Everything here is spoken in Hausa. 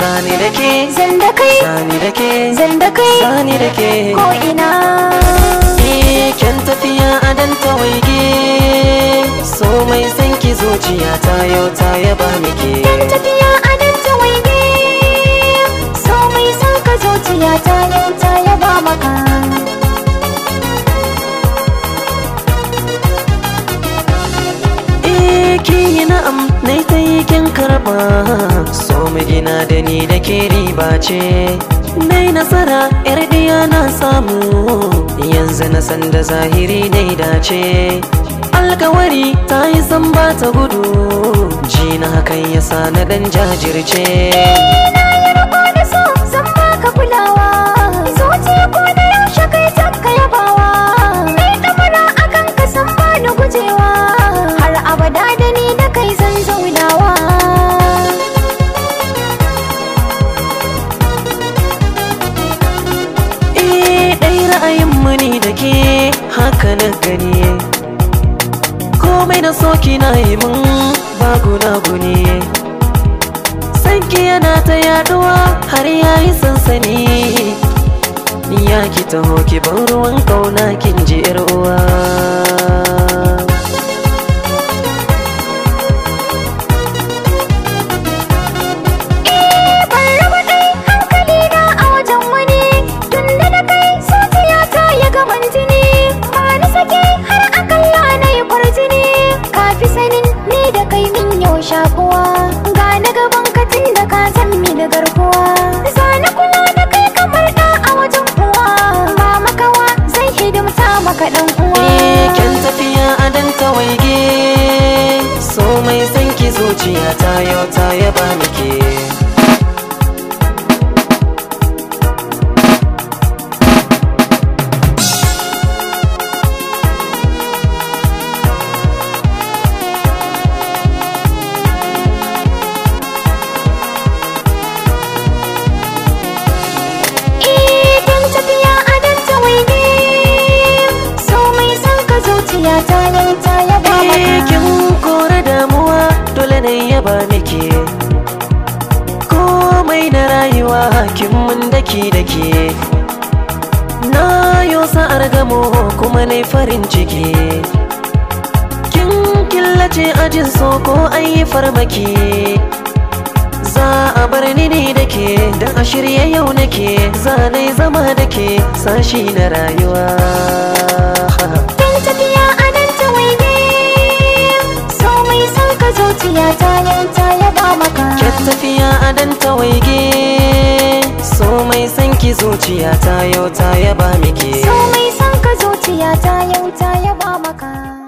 zani da ke zan da kai zani da ke zan da kai zani da ke ko ina eh, kan tafiya a dan waige, so mai san ki zuciya ta yau ta yaba miki Kan tafiya a dan waige, so mai san ka zuciya ta yau ta yaba maka eh, ki yi na na ta yi kin karba kuma da ni da ke riba ce dai nasara yar diya na samu yanzu na san da zahiri dai dace alkawari ta yi san ba ta gudu jina hakan yasa na dan jajirce na yi riko da so zamba baka kulawa ra'ayin muni da ke haka na gani komai na soki na yi mun baguna guni. sanki yana ta yaduwa har yayi sansani ya ki taho ki ban ruwan kauna kin ji 'yar uwa zuciya ta yau ta yaba ni na yaba miki komai na rayuwa hakin mun daki dake na yo sa argamo kuma na farin ciki kin killace ajin so ko an yi farmaki za a bar ni ne da ke don a shirye yau nake zanai zama da sashi na rayuwa ta yaba maka ke tafiya a dan tawaige so mai san ki zuciya ta yau ta miki so mai san ka zuciya ta yau ta yaba maka